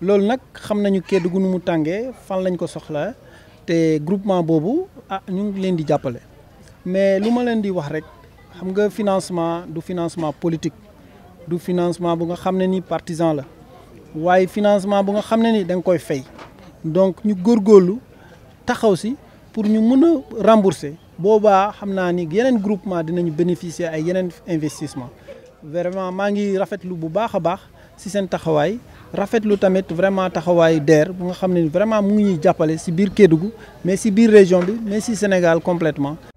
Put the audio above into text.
lol nak xam nañu gu nu mu tàngee fan lañ ko soxla te groupement boobu ah ñu ngi leen di jàppale mais lu ma leen di wax rek xam nga financement du financement politique du financement bu nga xam ni partisan la waaye financement bu nga xam ne ni da koy fay donc ñu góorgóorlu taxaw si pour ñu mën a rembourser boobaa xam naa ni yeneen groupement dinañu bénéficier ay yeneen investissement vraiment maa ngi rafetlu bu baax a baax si seen taxawaay rafetlu tamit vraiment à DER bu nga xam vraiment mu ngi ñuy si biir Kédougou mais si biir région bi mais si Sénégal complètement